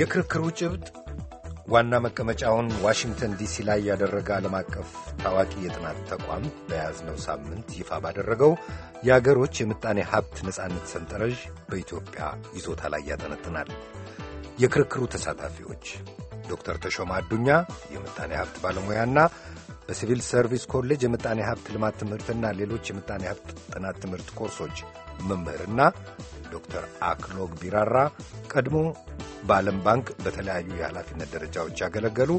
የክርክሩ ጭብጥ ዋና መቀመጫውን ዋሽንግተን ዲሲ ላይ ያደረገ ዓለም አቀፍ ታዋቂ የጥናት ተቋም በያዝነው ሳምንት ይፋ ባደረገው የአገሮች የምጣኔ ሀብት ነጻነት ሰንጠረዥ በኢትዮጵያ ይዞታ ላይ ያጠነጥናል። የክርክሩ ተሳታፊዎች ዶክተር ተሾማ አዱኛ የምጣኔ ሀብት ባለሙያና በሲቪል ሰርቪስ ኮሌጅ የምጣኔ ሀብት ልማት ትምህርትና ሌሎች የምጣኔ ሀብት ጥናት ትምህርት ኮርሶች መምህርና ዶክተር አክሎግ ቢራራ ቀድሞ በዓለም ባንክ በተለያዩ የኃላፊነት ደረጃዎች ያገለገሉ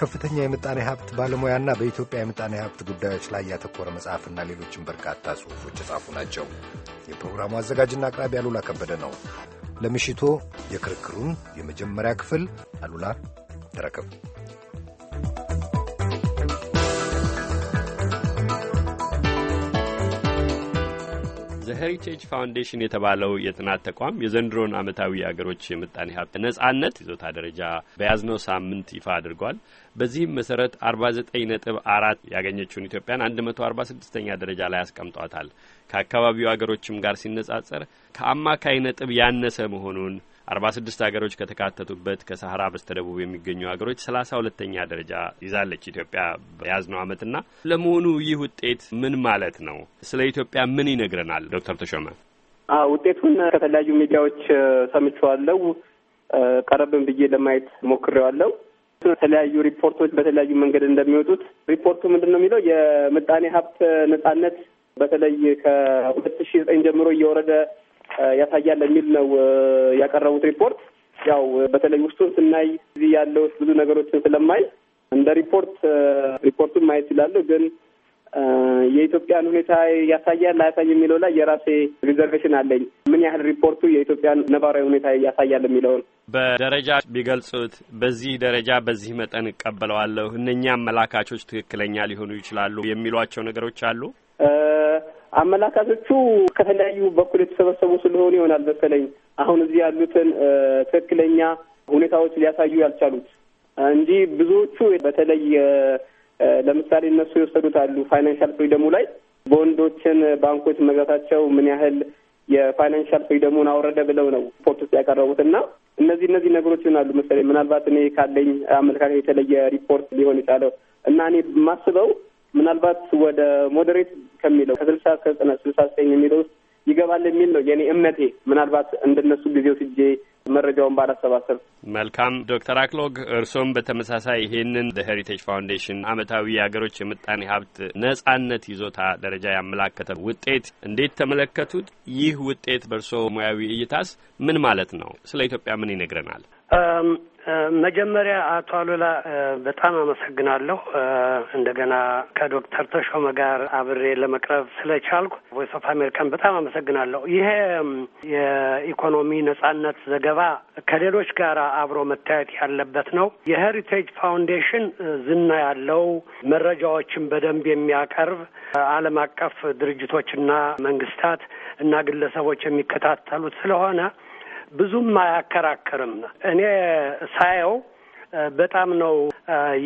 ከፍተኛ የምጣኔ ሀብት ባለሙያና በኢትዮጵያ የምጣኔ ሀብት ጉዳዮች ላይ ያተኮረ መጽሐፍና ሌሎችን በርካታ ጽሑፎች የጻፉ ናቸው። የፕሮግራሙ አዘጋጅና አቅራቢ አሉላ ከበደ ነው። ለምሽቶ የክርክሩን የመጀመሪያ ክፍል አሉላ ተረከብ። ዘሄሪቴጅ ፋውንዴሽን የተባለው የጥናት ተቋም የዘንድሮን ዓመታዊ የአገሮች የምጣኔ ሀብት ነጻነት ይዞታ ደረጃ በያዝነው ሳምንት ይፋ አድርጓል። በዚህም መሰረት አርባ ዘጠኝ ነጥብ አራት ያገኘችውን ኢትዮጵያን አንድ መቶ አርባ ስድስተኛ ደረጃ ላይ አስቀምጧታል። ከአካባቢው አገሮችም ጋር ሲነጻጸር ከአማካይ ነጥብ ያነሰ መሆኑን አርባ ስድስት ሀገሮች ከተካተቱበት ከሰሀራ በስተደቡብ የሚገኙ ሀገሮች ሰላሳ ሁለተኛ ደረጃ ይዛለች ኢትዮጵያ በያዝነው ዓመትና ለመሆኑ ይህ ውጤት ምን ማለት ነው? ስለ ኢትዮጵያ ምን ይነግረናል? ዶክተር ተሾመ ውጤቱን ከተለያዩ ሚዲያዎች ሰምቼዋለሁ። ቀረብን ብዬ ለማየት ሞክሬዋለሁ። የተለያዩ ሪፖርቶች በተለያዩ መንገድ እንደሚወጡት ሪፖርቱ ምንድን ነው የሚለው የምጣኔ ሀብት ነጻነት በተለይ ከሁለት ሺ ዘጠኝ ጀምሮ እየወረደ ያሳያል የሚል ነው ያቀረቡት ሪፖርት። ያው በተለይ ውስጡን ስናይ እዚህ ያለው ውስጥ ብዙ ነገሮችን ስለማይ እንደ ሪፖርት ሪፖርቱን ማየት ይችላሉ። ግን የኢትዮጵያን ሁኔታ ያሳያል አያሳይ የሚለው ላይ የራሴ ሪዘርቬሽን አለኝ። ምን ያህል ሪፖርቱ የኢትዮጵያን ነባራዊ ሁኔታ ያሳያል የሚለውን በደረጃ ቢገልጹት በዚህ ደረጃ በዚህ መጠን እቀበለዋለሁ፣ እነኛ አመላካቾች ትክክለኛ ሊሆኑ ይችላሉ የሚሏቸው ነገሮች አሉ። አመላካቶቹ ከተለያዩ በኩል የተሰበሰቡ ስለሆኑ ይሆናል መሰለኝ አሁን እዚህ ያሉትን ትክክለኛ ሁኔታዎች ሊያሳዩ ያልቻሉት እንጂ ብዙዎቹ በተለይ ለምሳሌ እነሱ የወሰዱት አሉ ፋይናንሻል ፍሪደሙ ላይ ቦንዶችን ባንኮች መግዛታቸው ምን ያህል የፋይናንሻል ፍሪደሙን አውረደ ብለው ነው ሪፖርት ውስጥ ያቀረቡት እና እነዚህ እነዚህ ነገሮች ይሆናሉ መሰለኝ ምናልባት እኔ ካለኝ አመለካከት የተለየ ሪፖርት ሊሆን የቻለው እና እኔ የማስበው ምናልባት ወደ ሞዴሬት ከሚለው ከስልሳ እስከ ስልሳ ዘጠኝ የሚለው ውስጥ ይገባል የሚል ነው የኔ እምነቴ። ምናልባት እንደነሱ ጊዜው ስጄ መረጃውን ባላሰባሰብ። መልካም ዶክተር አክሎግ እርሶም በተመሳሳይ ይሄንን ለሄሪቴጅ ፋውንዴሽን አመታዊ የሀገሮች የምጣኔ ሀብት ነጻነት ይዞታ ደረጃ ያመላከተ ውጤት እንዴት ተመለከቱት? ይህ ውጤት በእርሶ ሙያዊ እይታስ ምን ማለት ነው? ስለ ኢትዮጵያ ምን ይነግረናል? መጀመሪያ አቶ አሉላ በጣም አመሰግናለሁ። እንደገና ከዶክተር ተሾመ ጋር አብሬ ለመቅረብ ስለቻልኩ ቮይስ ኦፍ አሜሪካን በጣም አመሰግናለሁ። ይሄ የኢኮኖሚ ነጻነት ዘገባ ከሌሎች ጋር አብሮ መታየት ያለበት ነው። የሄሪቴጅ ፋውንዴሽን ዝና ያለው መረጃዎችን በደንብ የሚያቀርብ ዓለም አቀፍ ድርጅቶችና መንግስታት እና ግለሰቦች የሚከታተሉት ስለሆነ ብዙም አያከራከርም። እኔ ሳየው በጣም ነው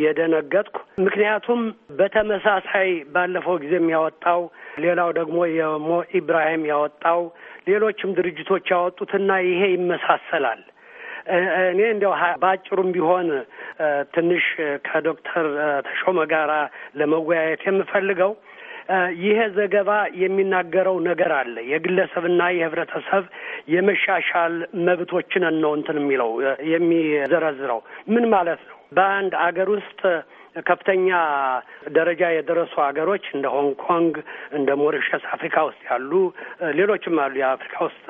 የደነገጥኩ። ምክንያቱም በተመሳሳይ ባለፈው ጊዜም ያወጣው ሌላው ደግሞ የሞ ኢብራሂም ያወጣው ሌሎችም ድርጅቶች ያወጡትና ይሄ ይመሳሰላል። እኔ እንዲያው በአጭሩም ቢሆን ትንሽ ከዶክተር ተሾመ ጋራ ለመወያየት የምፈልገው ይሄ ዘገባ የሚናገረው ነገር አለ። የግለሰብና የህብረተሰብ የመሻሻል መብቶችን ነው እንትን የሚለው የሚዘረዝረው ምን ማለት ነው? በአንድ አገር ውስጥ ከፍተኛ ደረጃ የደረሱ ሀገሮች እንደ ሆንግ ኮንግ፣ እንደ ሞሪሸስ አፍሪካ ውስጥ ያሉ ሌሎችም አሉ። የአፍሪካ ውስጥ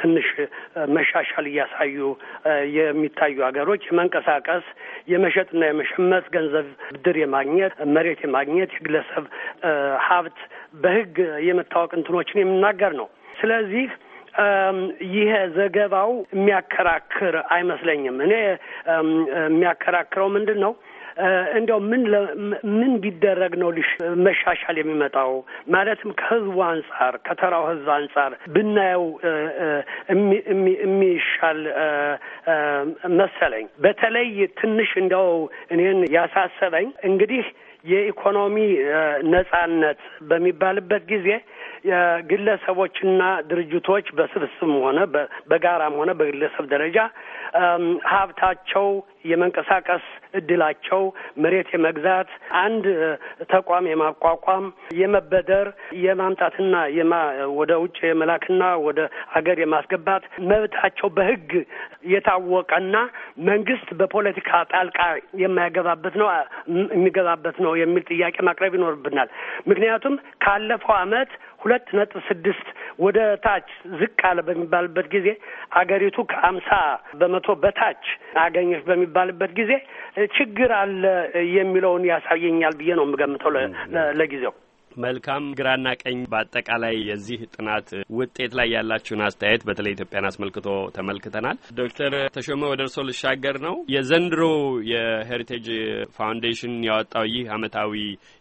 ትንሽ መሻሻል እያሳዩ የሚታዩ ሀገሮች የመንቀሳቀስ የመሸጥና የመሸመት ገንዘብ ብድር የማግኘት መሬት የማግኘት የግለሰብ ሀብት በህግ የመታወቅ እንትኖችን የምናገር ነው። ስለዚህ ይሄ ዘገባው የሚያከራክር አይመስለኝም። እኔ የሚያከራክረው ምንድን ነው እንዲያው ምን ምን ቢደረግ ነው መሻሻል የሚመጣው? ማለትም ከህዝቡ አንጻር ከተራው ህዝብ አንጻር ብናየው የሚሻል መሰለኝ። በተለይ ትንሽ እንዲያው እኔን ያሳሰበኝ እንግዲህ የኢኮኖሚ ነጻነት በሚባልበት ጊዜ ግለሰቦችና ድርጅቶች በስብስብም ሆነ በጋራም ሆነ በግለሰብ ደረጃ ሀብታቸው የመንቀሳቀስ እድላቸው መሬት የመግዛት አንድ ተቋም የማቋቋም የመበደር የማምጣትና የማ ወደ ውጭ የመላክና ወደ አገር የማስገባት መብታቸው በህግ የታወቀና መንግስት በፖለቲካ ጣልቃ የማያገባበት ነው የሚገባበት ነው የሚል ጥያቄ ማቅረብ ይኖርብናል። ምክንያቱም ካለፈው አመት ሁለት ነጥብ ስድስት ወደ ታች ዝቅ አለ በሚባልበት ጊዜ አገሪቱ ከአምሳ በመቶ በታች አገኘች በሚባልበት ጊዜ ችግር አለ የሚለውን ያሳየኛል ብዬ ነው የምገምተው ለጊዜው። መልካም ግራና ቀኝ በአጠቃላይ የዚህ ጥናት ውጤት ላይ ያላችሁን አስተያየት በተለይ ኢትዮጵያን አስመልክቶ ተመልክተናል። ዶክተር ተሾመ ወደ ልሻገር ነው። የዘንድሮ የሄሪቴጅ ፋውንዴሽን ያወጣው ይህ አመታዊ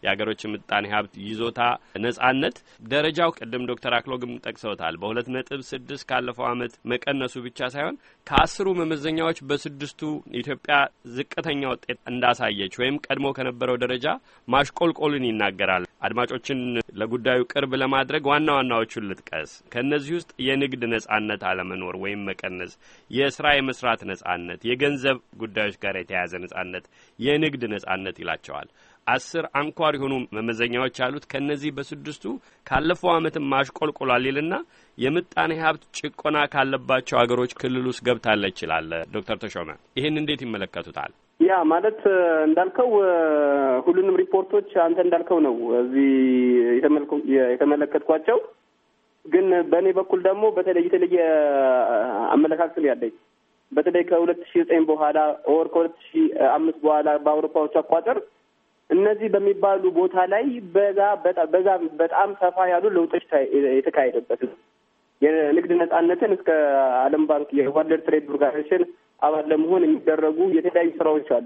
የሀገሮች ምጣኔ ሀብት ይዞታ ነጻነት ደረጃው ቅድም ዶክተር አክሎግም ጠቅሰውታል። በሁለት ነጥብ ስድስት ካለፈው አመት መቀነሱ ብቻ ሳይሆን ከአስሩ መመዘኛዎች በስድስቱ ኢትዮጵያ ዝቅተኛ ውጤት እንዳሳየች ወይም ቀድሞ ከነበረው ደረጃ ማሽቆልቆልን ይናገራል። አድማጮች ሰዎችን ለጉዳዩ ቅርብ ለማድረግ ዋና ዋናዎቹን ልጥቀስ። ከእነዚህ ውስጥ የንግድ ነጻነት አለመኖር ወይም መቀነስ፣ የስራ የመስራት ነጻነት፣ የገንዘብ ጉዳዮች ጋር የተያያዘ ነጻነት፣ የንግድ ነጻነት ይላቸዋል። አስር አንኳር የሆኑ መመዘኛዎች አሉት። ከእነዚህ በስድስቱ ካለፈው ዓመትም ማሽቆልቆሏል ይልና የምጣኔ ሀብት ጭቆና ካለባቸው አገሮች ክልል ውስጥ ገብታለች ይላል ዶክተር ተሾመ። ይህን እንዴት ይመለከቱታል? ያ ማለት እንዳልከው ሁሉንም ሪፖርቶች አንተ እንዳልከው ነው እዚህ የተመለከትኳቸው። ግን በእኔ በኩል ደግሞ በተለይ የተለየ አመለካከት ያለኝ። በተለይ ከሁለት ሺ ዘጠኝ በኋላ ኦር ከሁለት ሺ አምስት በኋላ በአውሮፓዎች አቋጠር እነዚህ በሚባሉ ቦታ ላይ በዛ በዛ በጣም ሰፋ ያሉ ለውጦች የተካሄደበት ነው። የንግድ ነጻነትን እስከ ዓለም ባንክ የወርልድ ትሬድ ኦርጋኒዜሽን አባል ለመሆን የሚደረጉ የተለያዩ ስራዎች አሉ።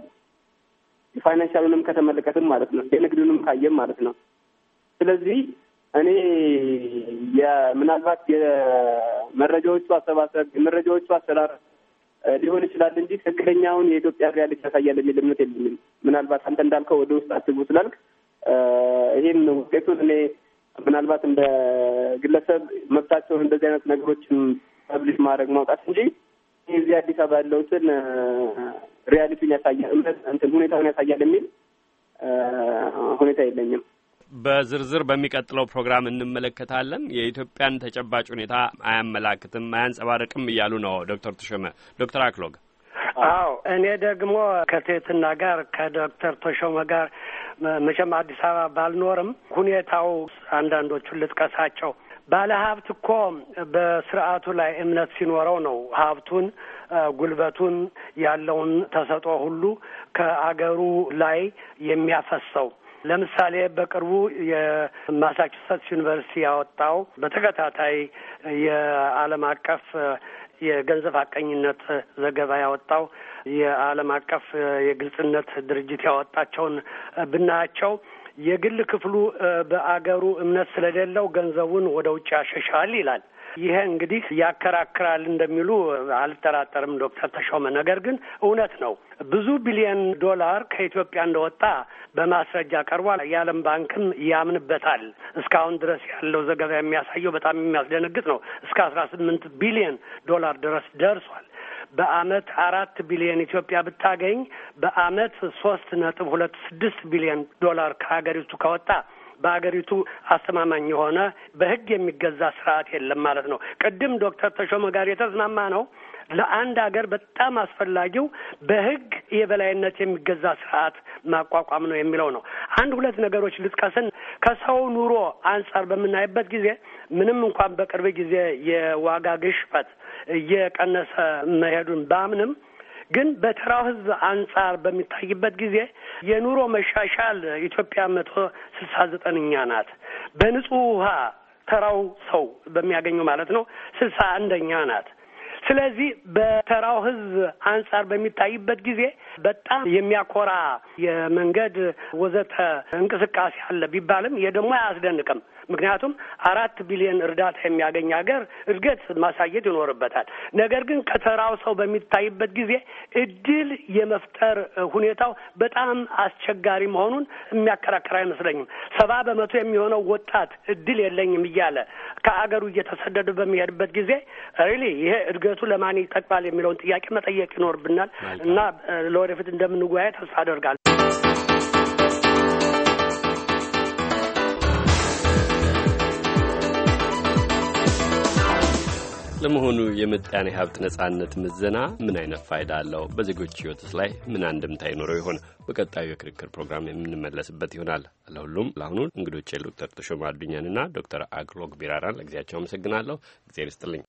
የፋይናንሻሉንም ከተመለከትም ማለት ነው፣ የንግዱንም ካየም ማለት ነው። ስለዚህ እኔ ምናልባት የመረጃዎቹ አሰባሰብ የመረጃዎቹ አሰራር ሊሆን ይችላል እንጂ ትክክለኛውን የኢትዮጵያ ሪያሊቲ ያሳያል የሚል እምነት የለኝም። ምናልባት አንተ እንዳልከው ወደ ውስጥ አስቡ ስላልክ ይህን ውጤቱን እኔ ምናልባት እንደ ግለሰብ መብታቸውን እንደዚህ አይነት ነገሮችን ፐብሊሽ ማድረግ ማውጣት እንጂ እዚህ አዲስ አበባ ያለውትን ሪያሊቲን ያሳያል እንትን ሁኔታውን ያሳያል የሚል ሁኔታ የለኝም። በዝርዝር በሚቀጥለው ፕሮግራም እንመለከታለን። የኢትዮጵያን ተጨባጭ ሁኔታ አያመላክትም፣ አያንጸባርቅም እያሉ ነው ዶክተር ተሾመ። ዶክተር አክሎግ አዎ እኔ ደግሞ ከትህትና ጋር ከዶክተር ተሾመ ጋር መቼም አዲስ አበባ ባልኖርም ሁኔታው አንዳንዶቹን ልጥቀሳቸው ባለ ሀብት እኮ በስርዓቱ ላይ እምነት ሲኖረው ነው ሀብቱን ጉልበቱን ያለውን ተሰጦ ሁሉ ከአገሩ ላይ የሚያፈሰው። ለምሳሌ በቅርቡ የማሳቹሴትስ ዩኒቨርሲቲ ያወጣው በተከታታይ የዓለም አቀፍ የገንዘብ አቀኝነት ዘገባ ያወጣው የዓለም አቀፍ የግልጽነት ድርጅት ያወጣቸውን ብናያቸው የግል ክፍሉ በአገሩ እምነት ስለሌለው ገንዘቡን ወደ ውጭ ያሸሻል ይላል። ይሄ እንግዲህ ያከራክራል እንደሚሉ አልጠራጠርም ዶክተር ተሾመ። ነገር ግን እውነት ነው። ብዙ ቢሊዮን ዶላር ከኢትዮጵያ እንደወጣ በማስረጃ ቀርቧል። የዓለም ባንክም ያምንበታል። እስካሁን ድረስ ያለው ዘገባ የሚያሳየው በጣም የሚያስደነግጥ ነው። እስከ አስራ ስምንት ቢሊዮን ዶላር ድረስ ደርሷል። በአመት አራት ቢሊዮን ኢትዮጵያ ብታገኝ በአመት ሶስት ነጥብ ሁለት ስድስት ቢሊዮን ዶላር ከሀገሪቱ ከወጣ በሀገሪቱ አስተማማኝ የሆነ በህግ የሚገዛ ስርዓት የለም ማለት ነው። ቅድም ዶክተር ተሾመ ጋር የተስማማ ነው። ለአንድ ሀገር በጣም አስፈላጊው በህግ የበላይነት የሚገዛ ስርዓት ማቋቋም ነው የሚለው ነው። አንድ ሁለት ነገሮች ልጥቀስን ከሰው ኑሮ አንጻር በምናይበት ጊዜ ምንም እንኳን በቅርብ ጊዜ የዋጋ ግሽበት እየቀነሰ መሄዱን ባምንም ግን በተራው ህዝብ አንጻር በሚታይበት ጊዜ የኑሮ መሻሻል ኢትዮጵያ መቶ ስልሳ ዘጠነኛ ናት። በንጹህ ውሃ ተራው ሰው በሚያገኘው ማለት ነው ስልሳ አንደኛ ናት። ስለዚህ በተራው ህዝብ አንጻር በሚታይበት ጊዜ በጣም የሚያኮራ የመንገድ ወዘተ እንቅስቃሴ አለ ቢባልም ይህ ደግሞ አያስደንቅም። ምክንያቱም አራት ቢሊዮን እርዳታ የሚያገኝ ሀገር እድገት ማሳየት ይኖርበታል። ነገር ግን ከተራው ሰው በሚታይበት ጊዜ እድል የመፍጠር ሁኔታው በጣም አስቸጋሪ መሆኑን የሚያከራከር አይመስለኝም። ሰባ በመቶ የሚሆነው ወጣት እድል የለኝም እያለ ከአገሩ እየተሰደደ በሚሄድበት ጊዜ ሪሊ ይሄ እድገቱ በእውነቱ ለማን ይጠቅማል የሚለውን ጥያቄ መጠየቅ ይኖርብናል እና ለወደፊት እንደምንወያይ ተስፋ አደርጋለሁ። ለመሆኑ የምጣኔ ሀብት ነጻነት ምዘና ምን አይነት ፋይዳ አለው? በዜጎች ሕይወትስ ላይ ምን አንድምታ ይኖረው ይሆን? በቀጣዩ የክርክር ፕሮግራም የምንመለስበት ይሆናል። ለሁሉም ለአሁኑ እንግዶች ዶክተር ተሾማ አዱኛንና ዶክተር አግሎግ ቢራራን ለጊዜያቸው አመሰግናለሁ። እግዜር ይስጥልኝ።